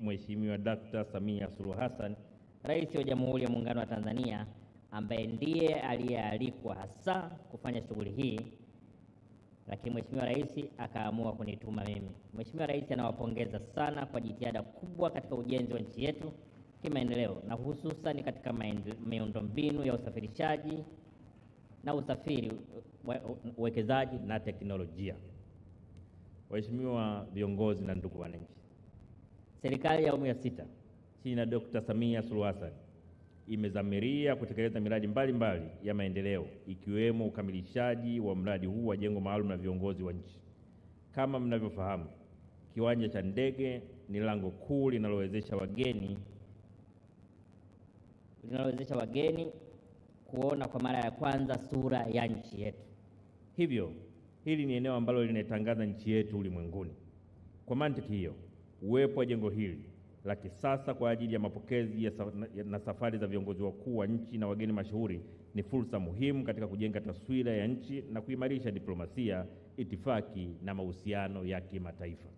Mheshimiwa Dkt. Samia Suluhu Hassan, Rais wa Jamhuri ya Muungano wa Tanzania, ambaye ndiye aliyealikwa hasa kufanya shughuli hii, lakini Mheshimiwa Rais akaamua kunituma mimi. Mheshimiwa Rais anawapongeza sana kwa jitihada kubwa katika ujenzi wa nchi yetu kimaendeleo na hususan katika miundombinu ya usafirishaji na usafiri, uwekezaji na teknolojia. Waheshimiwa viongozi na ndugu wananchi Serikali ya awamu ya sita chini ya Dkt. Samia Suluhu Hassan imezamiria kutekeleza miradi mbalimbali mbali ya maendeleo ikiwemo ukamilishaji wa mradi huu wa jengo maalum la viongozi wa nchi. Kama mnavyofahamu, kiwanja cha ndege ni lango kuu linalowezesha wageni linalowezesha wageni kuona kwa mara ya kwanza sura ya nchi yetu. Hivyo hili ni eneo ambalo linatangaza nchi yetu ulimwenguni. Kwa mantiki hiyo uwepo wa jengo hili la kisasa kwa ajili ya mapokezi ya sa na safari za viongozi wakuu wa nchi na wageni mashuhuri ni fursa muhimu katika kujenga taswira ya nchi na kuimarisha diplomasia, itifaki na mahusiano ya kimataifa.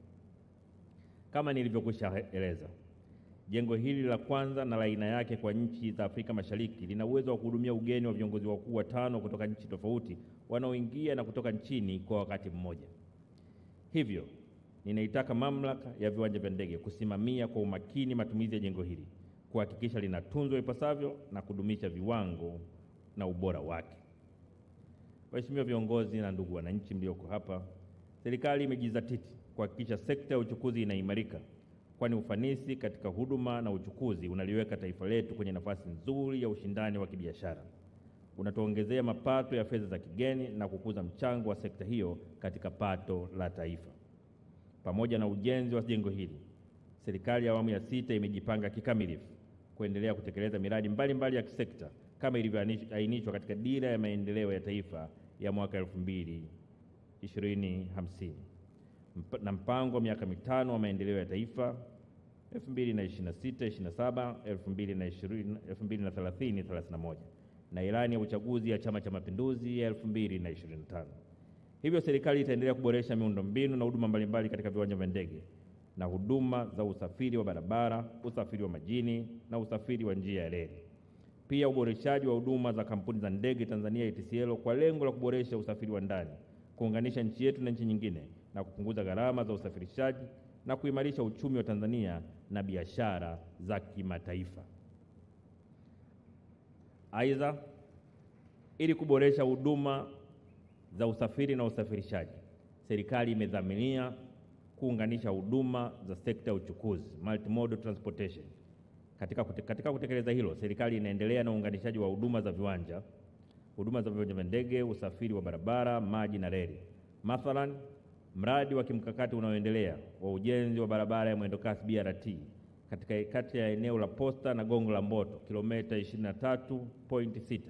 Kama nilivyokwisha eleza, jengo hili la kwanza na la aina yake kwa nchi za Afrika Mashariki lina uwezo wa kuhudumia ugeni wa viongozi wakuu watano kutoka nchi tofauti wanaoingia na kutoka nchini kwa wakati mmoja. Hivyo Ninaitaka mamlaka ya viwanja vya ndege kusimamia kwa umakini matumizi ya jengo hili, kuhakikisha linatunzwa ipasavyo na kudumisha viwango na ubora wake. Waheshimiwa viongozi na ndugu wananchi mlioko hapa, serikali imejizatiti kuhakikisha sekta ya uchukuzi inaimarika, kwani ufanisi katika huduma na uchukuzi unaliweka taifa letu kwenye nafasi nzuri ya ushindani wa kibiashara, unatuongezea mapato ya fedha za kigeni na kukuza mchango wa sekta hiyo katika pato la taifa. Pamoja na ujenzi wa jengo hili, serikali ya awamu ya sita imejipanga kikamilifu kuendelea kutekeleza miradi mbalimbali mbali ya kisekta kama ilivyoainishwa katika Dira ya Maendeleo ya Taifa ya mwaka 2050 na mpango wa miaka mitano wa maendeleo ya taifa 2026-27, 2030-31 na ilani ya uchaguzi ya Chama cha Mapinduzi ya 2025. Hivyo serikali itaendelea kuboresha miundombinu na huduma mbalimbali katika viwanja vya ndege na huduma za usafiri wa barabara, usafiri wa majini na usafiri wa njia ya reli. Pia uboreshaji wa huduma za kampuni za ndege Tanzania ATCL kwa lengo la kuboresha usafiri wa ndani, kuunganisha nchi yetu na nchi nyingine na kupunguza gharama za usafirishaji na kuimarisha uchumi wa Tanzania na biashara za kimataifa. Aidha, ili kuboresha huduma za usafiri na usafirishaji, serikali imedhaminia kuunganisha huduma za sekta ya uchukuzi multimodal transportation. Katika, kute, katika kutekeleza hilo, serikali inaendelea na uunganishaji wa huduma za viwanja, huduma za viwanja vya ndege, usafiri wa barabara, maji na reli. Mathalan, mradi wa kimkakati unaoendelea wa ujenzi wa barabara ya mwendokasi BRT katika kati ya eneo la Posta na Gongo la Mboto kilomita 23.6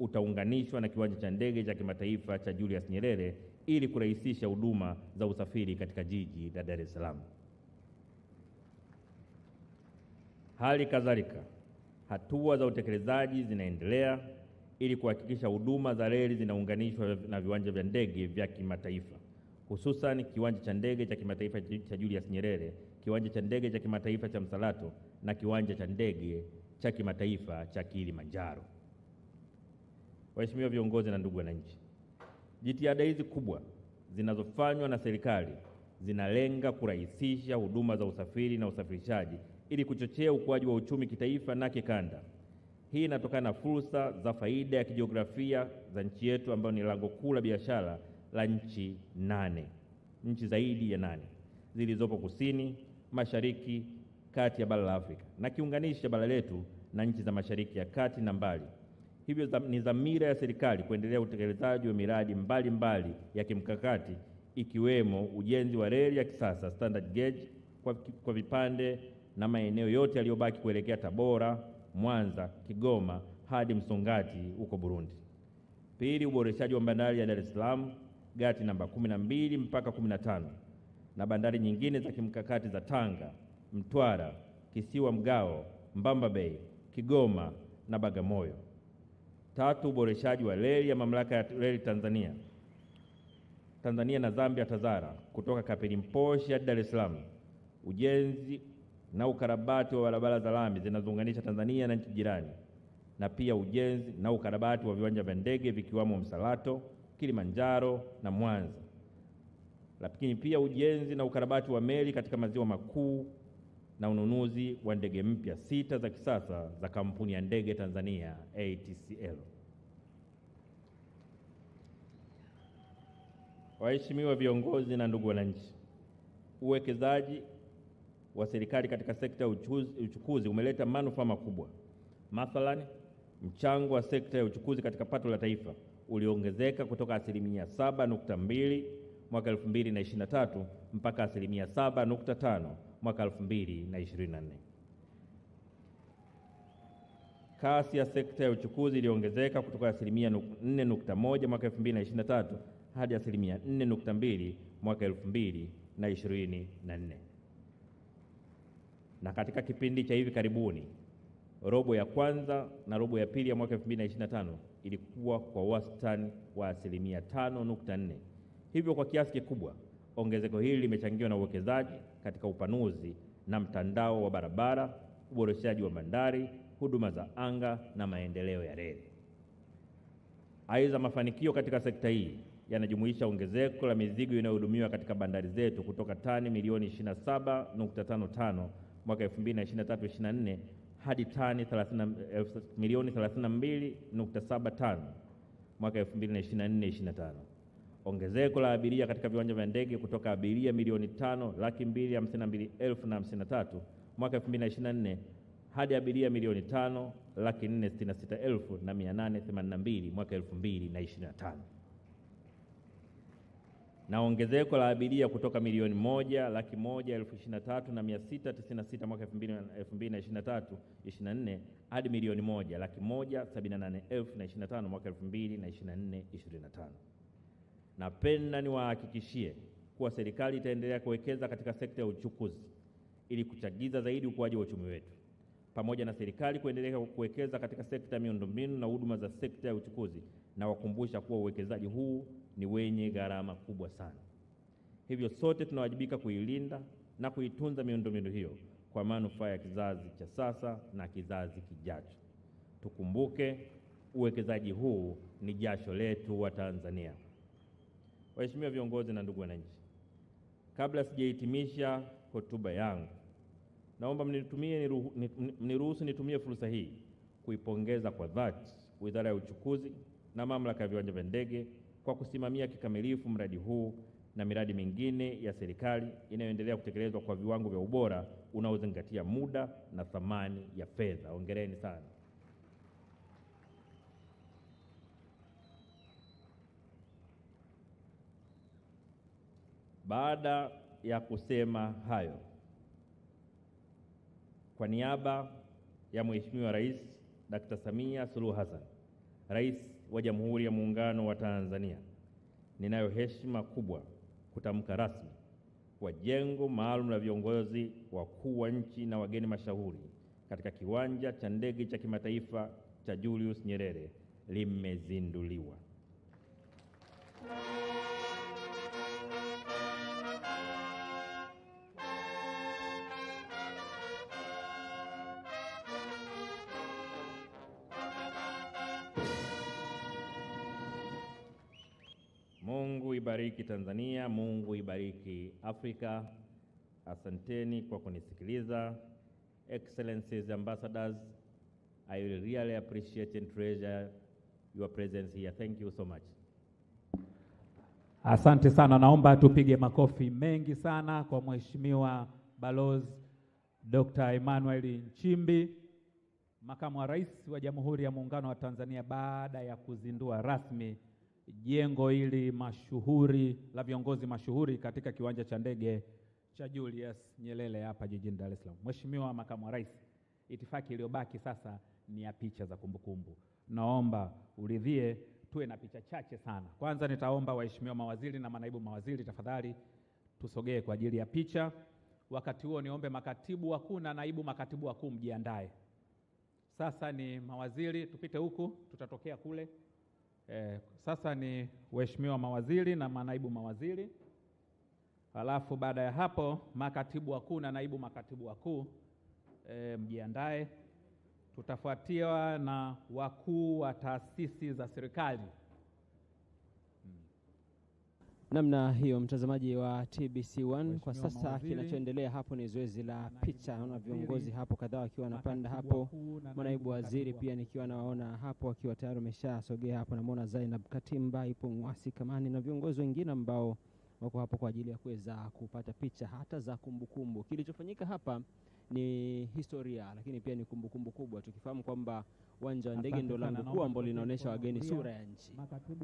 utaunganishwa na kiwanja cha ndege cha kimataifa cha Julius Nyerere ili kurahisisha huduma za usafiri katika jiji la Dar es Salaam. Hali kadhalika, hatua za utekelezaji zinaendelea ili kuhakikisha huduma za reli zinaunganishwa na viwanja vya ndege vya kimataifa hususan kiwanja cha ndege cha kimataifa cha Julius Nyerere, kiwanja cha ndege cha kimataifa cha Msalato na kiwanja cha ndege cha kimataifa cha Kilimanjaro. Waheshimiwa viongozi na ndugu wananchi, jitihada hizi kubwa zinazofanywa na serikali zinalenga kurahisisha huduma za usafiri na usafirishaji ili kuchochea ukuaji wa uchumi kitaifa na kikanda. Hii inatokana na fursa za faida ya kijiografia za nchi yetu ambayo ni lango kuu la biashara la nchi nane, nchi zaidi ya nane zilizopo kusini, mashariki, kati ya bara la Afrika na kiunganishi cha bara letu na nchi za mashariki ya kati na mbali Hivyo ni dhamira ya serikali kuendelea utekelezaji wa miradi mbalimbali mbali ya kimkakati ikiwemo ujenzi wa reli ya kisasa standard gauge kwa, kwa vipande na maeneo yote yaliyobaki kuelekea Tabora, Mwanza, Kigoma hadi Msongati huko Burundi. Pili, uboreshaji wa bandari ya Dar es Salaam gati namba 12 mpaka 15 na bandari nyingine za kimkakati za Tanga, Mtwara, Kisiwa Mgao, Mbamba Bay, Kigoma na Bagamoyo. Tatu, uboreshaji wa reli ya mamlaka ya reli Tanzania Tanzania na Zambia TAZARA kutoka Mposhi hadi Dar es Salaam, ujenzi na ukarabati wa barabara za lami zinazounganisha Tanzania na nchi jirani, na pia ujenzi na ukarabati wa viwanja vya ndege vikiwamo Msalato, Kilimanjaro na Mwanza, lakini pia ujenzi na ukarabati wa meli katika maziwa makuu na ununuzi wa ndege mpya sita za kisasa za kampuni ya ndege Tanzania ATCL. Waheshimiwa viongozi na ndugu wananchi, uwekezaji wa serikali katika sekta ya uchukuzi umeleta manufaa makubwa. Mathalani, mchango wa sekta ya uchukuzi katika pato la taifa uliongezeka kutoka asilimia 7.2 mwaka 2023 mpaka asilimia 7.5 mwaka 2024. Kasi ya sekta ya uchukuzi iliongezeka kutoka asilimia 4.1 mwaka 2023 hadi asilimia 4.2 mwaka 2024. Na katika kipindi cha hivi karibuni, robo ya kwanza na robo ya pili ya mwaka 2025 ilikuwa kwa wastani wa asilimia 5.4, hivyo kwa kiasi kikubwa Ongezeko hili limechangiwa na uwekezaji katika upanuzi na mtandao wa barabara, uboreshaji wa bandari, huduma za anga na maendeleo ya reli. Aidha, mafanikio katika sekta hii yanajumuisha ongezeko la mizigo inayohudumiwa katika bandari zetu kutoka tani milioni 27.55 mwaka 2023/24 hadi tani 30, milioni 32.75 mwaka 2024/25 ongezeko la abiria katika viwanja vya ndege kutoka abiria milioni tano laki mbili hamsini na mbili elfu na hamsini na tatu mwaka elfu mbili na ishirini na nne hadi abiria milioni tano laki nne sitini na sita elfu na mia nane themanini na mbili mwaka elfu mbili na ishirini na tano na ongezeko la abiria kutoka milioni moja laki moja elfu ishirini na tatu na mia sita tisini na sita mwaka elfu mbili na ishirini na tatu ishirini na nne hadi milioni moja laki moja sabini na nane elfu na ishirini na tano mwaka elfu mbili na ishirini na nne ishirini na tano. Napenda niwahakikishie kuwa serikali itaendelea kuwekeza katika sekta ya uchukuzi ili kuchagiza zaidi ukuaji wa uchumi wetu. Pamoja na serikali kuendelea kuwekeza katika sekta ya miundombinu na huduma za sekta ya uchukuzi, na wakumbusha kuwa uwekezaji huu ni wenye gharama kubwa sana, hivyo sote tunawajibika kuilinda na kuitunza miundombinu hiyo kwa manufaa ya kizazi cha sasa na kizazi kijacho. Tukumbuke uwekezaji huu ni jasho letu wa Tanzania. Waheshimiwa viongozi na ndugu wananchi, kabla sijahitimisha hotuba yangu, naomba mnitumie mniruhusu nitumie fursa hii kuipongeza kwa dhati Wizara ya Uchukuzi na Mamlaka ya Viwanja vya Ndege kwa kusimamia kikamilifu mradi huu na miradi mingine ya serikali inayoendelea kutekelezwa kwa viwango vya ubora unaozingatia muda na thamani ya fedha. Hongereni sana. Baada ya kusema hayo, kwa niaba ya Mheshimiwa Rais Dr. Samia Suluhu Hassan, Rais wa Jamhuri ya Muungano wa Tanzania, ninayo heshima kubwa kutamka rasmi kwa jengo maalum la viongozi wakuu wa nchi na wageni mashuhuri katika kiwanja cha ndege cha kimataifa cha Julius Nyerere limezinduliwa. ibariki Tanzania, Mungu ibariki Afrika. Asanteni kwa kunisikiliza. Excellencies ambassadors, I will really appreciate and treasure your presence here. Thank you so much. Asante sana, naomba tupige makofi mengi sana kwa Mheshimiwa Balozi Dr. Emmanuel Nchimbi, Makamu wa Rais wa Jamhuri ya Muungano wa Tanzania baada ya kuzindua rasmi jengo hili mashuhuri la viongozi mashuhuri katika kiwanja cha ndege cha Julius Nyerere hapa jijini Dar es Salaam. Mheshimiwa Makamu wa Rais, itifaki iliyobaki sasa ni ya picha za kumbukumbu kumbu. Naomba uridhie tuwe na picha chache sana. Kwanza nitaomba waheshimiwa mawaziri na manaibu mawaziri, tafadhali tusogee kwa ajili ya picha. Wakati huo niombe makatibu wakuu na naibu makatibu wakuu mjiandae. Sasa ni mawaziri, tupite huku, tutatokea kule. Eh, sasa ni waheshimiwa mawaziri na manaibu mawaziri, halafu baada ya hapo makatibu wakuu na naibu makatibu wakuu eh, mjiandae. Tutafuatiwa na wakuu wa taasisi za serikali Namna hiyo mtazamaji wa TBC1, kwa sasa kinachoendelea hapo ni zoezi la picha. Naona viongozi hapo kadhaa wakiwa wanapanda hapo, manaibu waziri pia nikiwa nawaona hapo wakiwa tayari wameshasogea hapo. Namwona Zainab Katimba ipo Mwasi Kamani na viongozi wengine ambao wako hapo kwa ajili ya kuweza kupata picha hata za kumbukumbu. Kilichofanyika hapa ni historia, lakini pia ni kumbukumbu kubwa, tukifahamu kwamba uwanja wa ndege ndio lango kuu ambalo linaonyesha wageni sura ya nchi.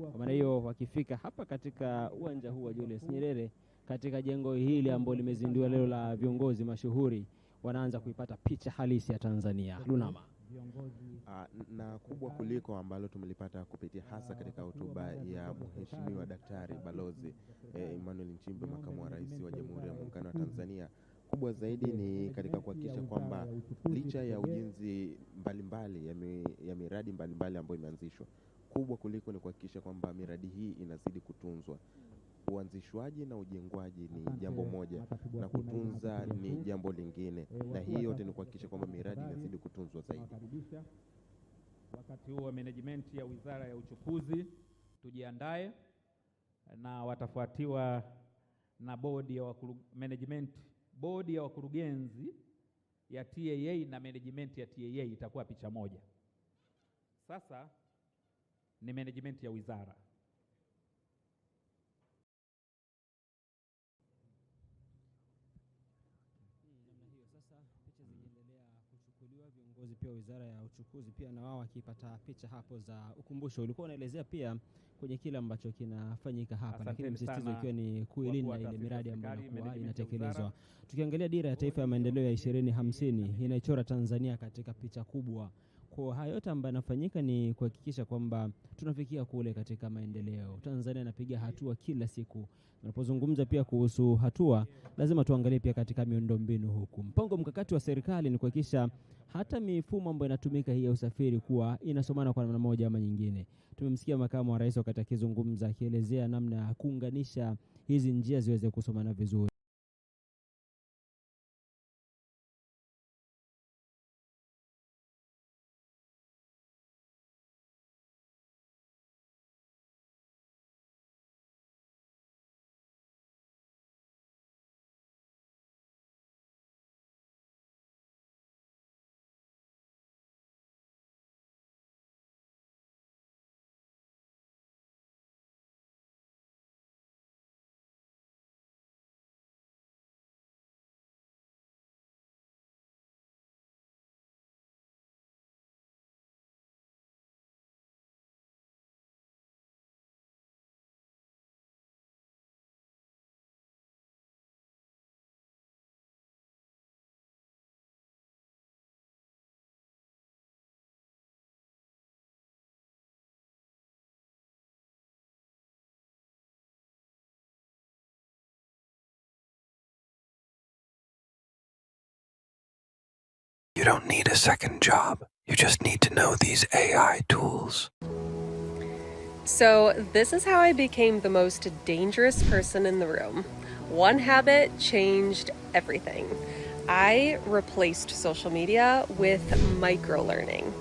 Kwa maana hiyo, wakifika hapa katika uwanja huu wa Julius Nyerere, katika jengo hili ambalo limezinduliwa leo la viongozi mashuhuri, wanaanza kuipata picha halisi ya Tanzania. Lunama viongozi ah, na kubwa kuliko ambalo tumelipata kupitia hasa ah, katika hotuba ya Mheshimiwa Daktari Balozi eh, Emmanuel Nchimbi, makamu wa rais wa Jamhuri ya Muungano wa Tanzania kubwa zaidi ni katika kuhakikisha kwamba licha ya ujenzi mbalimbali ya, mi, ya miradi mbalimbali ambayo imeanzishwa, kubwa kuliko ni kuhakikisha kwamba miradi hii inazidi kutunzwa uanzishwaji na ujengwaji ni jambo moja na kutunza ni jambo lingine, eh, na hii yote ni kuhakikisha kwamba miradi inazidi kutunzwa zaidi. Wakati huu wa management ya Wizara ya Uchukuzi tujiandae, na watafuatiwa na bodi ya management, bodi ya wakurugenzi ya TAA na management ya TAA itakuwa picha moja. Sasa ni management ya wizara. viongozi pia wizara ya uchukuzi pia na wao wakipata picha hapo za ukumbusho. Ulikuwa unaelezea pia kwenye kile ambacho kinafanyika hapa, lakini msisitizo ikiwa ni kuilinda ile miradi ambayo inakuwa inatekelezwa. Tukiangalia dira ya taifa ya maendeleo ya 2050 inaichora Tanzania katika picha kubwa kwa haya yote ambayo yanafanyika ni kuhakikisha kwamba tunafikia kule katika maendeleo. Tanzania inapiga hatua kila siku. Tunapozungumza pia kuhusu hatua, lazima tuangalie pia katika miundombinu huku. Mpango mkakati wa serikali ni kuhakikisha hata mifumo ambayo inatumika hii ya usafiri kuwa inasomana kwa namna moja ama nyingine. Tumemsikia makamu wa rais wakati akizungumza akielezea namna ya kuunganisha hizi njia ziweze kusomana vizuri. You don't need a second job. You just need to know these AI tools. So, this is how I became the most dangerous person in the room. One habit changed everything. I replaced social media with micro learning.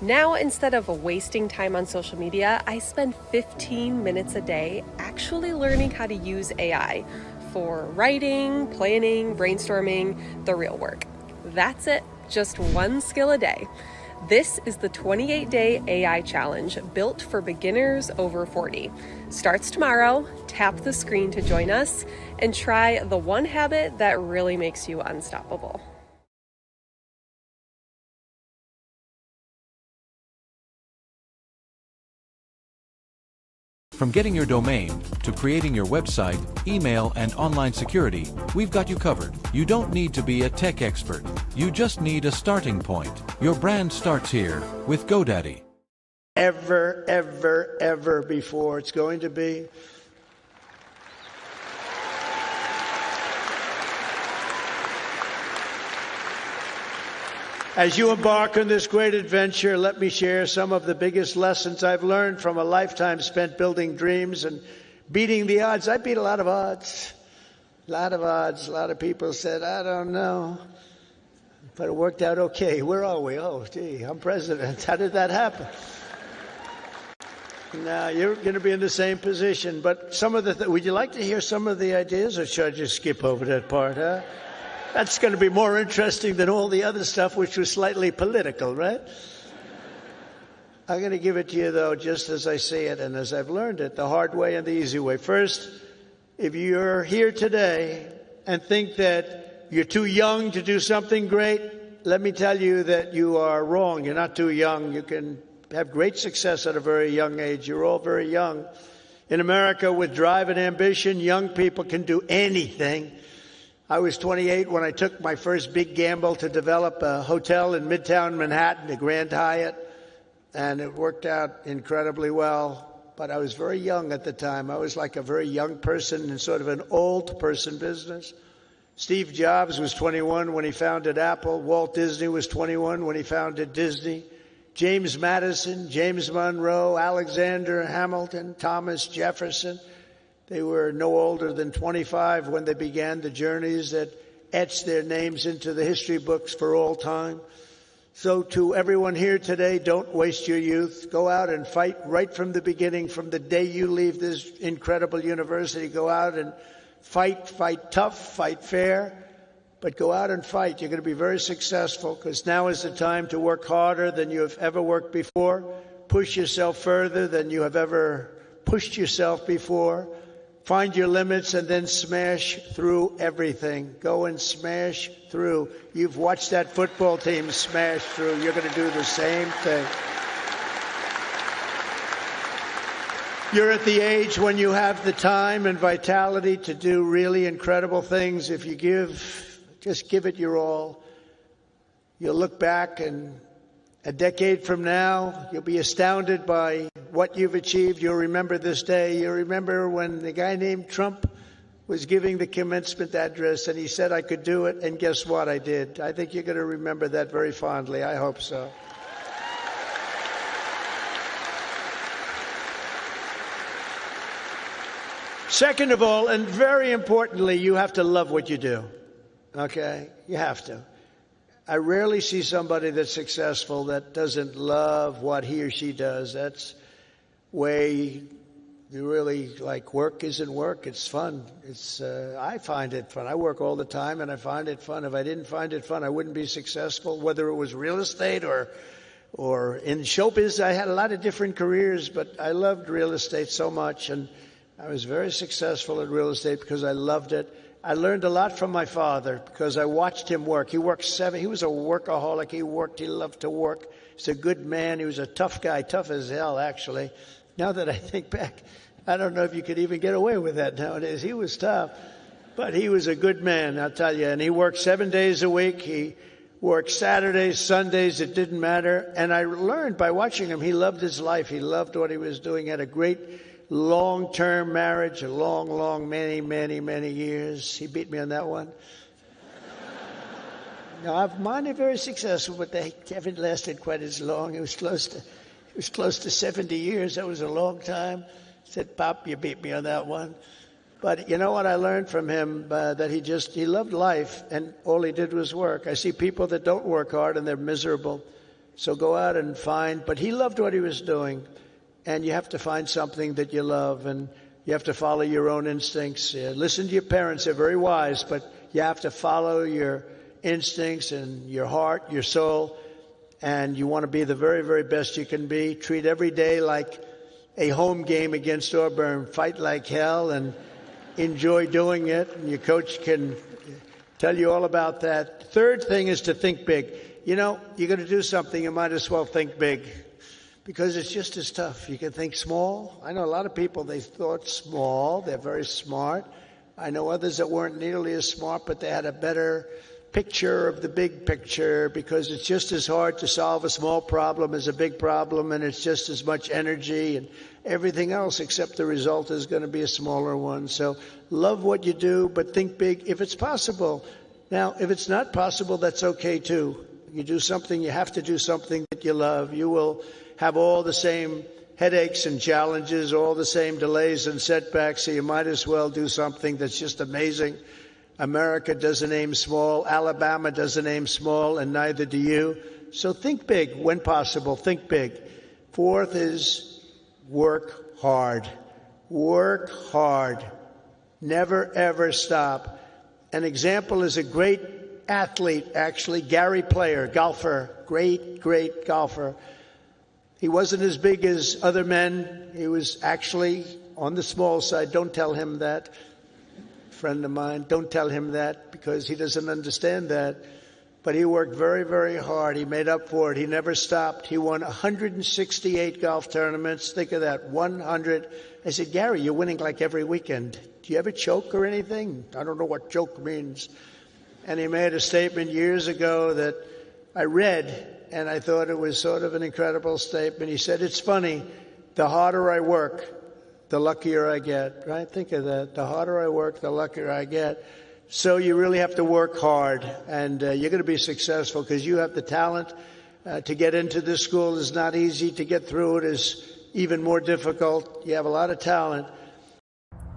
Now, instead of wasting time on social media, I spend 15 minutes a day actually learning how to use AI for writing, planning, brainstorming, the real work. That's it just one skill a day. This is the 28 day AI challenge built for beginners over 40. Starts tomorrow. Tap the screen to join us and try the one habit that really makes you unstoppable. From getting your domain, to creating your website, email, and online security, we've got you covered. You don't need to be a tech expert. You just need a starting point. Your brand starts here with GoDaddy. Ever, ever, ever before it's going to be As you embark on this great adventure, let me share some of the biggest lessons I've learned from a lifetime spent building dreams and beating the odds. I beat a lot of odds. A lot of odds. A lot of people said, I don't know. But it worked out okay. Where are we? Oh, gee, I'm president. How did that happen? now, you're going to be in the same position. But some of the, th- would you like to hear some of the ideas, or should I just skip over that part, huh? That's going to be more interesting than all the other stuff, which was slightly political, right? I'm going to give it to you, though, just as I see it and as I've learned it the hard way and the easy way. First, if you're here today and think that you're too young to do something great, let me tell you that you are wrong. You're not too young. You can have great success at a very young age. You're all very young. In America, with drive and ambition, young people can do anything. I was 28 when I took my first big gamble to develop a hotel in Midtown Manhattan, the Grand Hyatt, and it worked out incredibly well. But I was very young at the time. I was like a very young person in sort of an old person business. Steve Jobs was 21 when he founded Apple. Walt Disney was 21 when he founded Disney. James Madison, James Monroe, Alexander Hamilton, Thomas Jefferson, they were no older than 25 when they began the journeys that etched their names into the history books for all time. So to everyone here today, don't waste your youth. Go out and fight right from the beginning, from the day you leave this incredible university. Go out and fight, fight tough, fight fair, but go out and fight. You're going to be very successful because now is the time to work harder than you have ever worked before, push yourself further than you have ever pushed yourself before, find your limits and then smash through everything. Go and smash through. You've watched that football team smash through. You're going to do the same thing. You're at the age when you have the time and vitality to do really incredible things. If you give, just give it your all. You'll look back and a decade from now, you'll be astounded by what you've achieved. You'll remember this day. You'll remember when the guy named Trump was giving the commencement address and he said I could do it, and guess what? I did. I think you're going to remember that very fondly. I hope so. Second of all, and very importantly, you have to love what you do. Okay? You have to. I rarely see somebody that's successful that doesn't love what he or she does. That's way you really like work isn't work. It's fun. It's uh, I find it fun. I work all the time, and I find it fun. If I didn't find it fun, I wouldn't be successful. Whether it was real estate or or in showbiz, I had a lot of different careers, but I loved real estate so much, and I was very successful in real estate because I loved it. I learned a lot from my father because I watched him work. He worked seven. He was a workaholic. He worked. He loved to work. He's a good man. He was a tough guy, tough as hell, actually. Now that I think back, I don't know if you could even get away with that nowadays. He was tough, but he was a good man, I'll tell you. And he worked seven days a week. He worked Saturdays, Sundays, it didn't matter. And I learned by watching him, he loved his life. He loved what he was doing. He had a great long term marriage, a long, long, many, many, many years. He beat me on that one. now, I've mine are very successful, but they haven't lasted quite as long. It was close to. It was close to 70 years. That was a long time. I said, Pop, you beat me on that one. But you know what I learned from him? Uh, that he just, he loved life and all he did was work. I see people that don't work hard and they're miserable. So go out and find, but he loved what he was doing. And you have to find something that you love and you have to follow your own instincts. listen to your parents, they're very wise, but you have to follow your instincts and your heart, your soul and you want to be the very, very best you can be. Treat every day like a home game against Auburn. Fight like hell and enjoy doing it. And your coach can tell you all about that. Third thing is to think big. You know, you're going to do something, you might as well think big because it's just as tough. You can think small. I know a lot of people, they thought small. They're very smart. I know others that weren't nearly as smart, but they had a better picture of the big picture because it's just as hard to solve a small problem as a big problem and it's just as much energy and everything else except the result is going to be a smaller one. So love what you do, but think big if it's possible. Now, if it's not possible, that's okay too. You do something, you have to do something that you love. You will have all the same headaches and challenges, all the same delays and setbacks, so you might as well do something that's just amazing America doesn't aim small, Alabama doesn't aim small, and neither do you. So think big when possible, think big. Fourth is work hard. Work hard. Never, ever stop. An example is a great athlete, actually, Gary Player, golfer, great, great golfer. He wasn't as big as other men. He was actually on the small side. Don't tell him that friend of mine. Don't tell him that because he doesn't understand that. But he worked very, very hard. He made up for it. He never stopped. He won 168 golf tournaments. Think of that, 100. I said, Gary, you're winning like every weekend. Do you ever choke or anything? I don't know what choke means. And he made a statement years ago that I read, and I thought it was sort of an incredible statement. He said, It's funny, the harder I work, the luckier I get, right? Think of that. The harder I work, the luckier I get. So you really have to work hard and uh, you're going to be successful because you have the talent. Uh, to get into this school is not easy. To get through it is even more difficult. You have a lot of talent.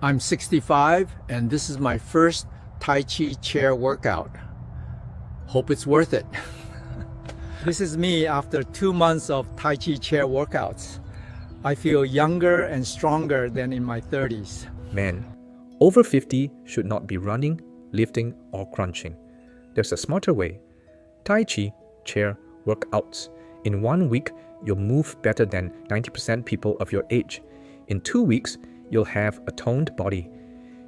I'm 65 and this is my first Tai Chi chair workout. Hope it's worth it. this is me after two months of Tai Chi chair workouts. I feel younger and stronger than in my 30s. Man, over 50 should not be running, lifting, or crunching. There's a smarter way. Tai Chi chair workouts. In one week, you'll move better than 90% people of your age. In two weeks, you'll have a toned body.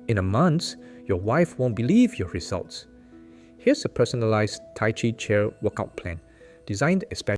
In a month, your wife won't believe your results. Here's a personalized Tai Chi chair workout plan designed especially.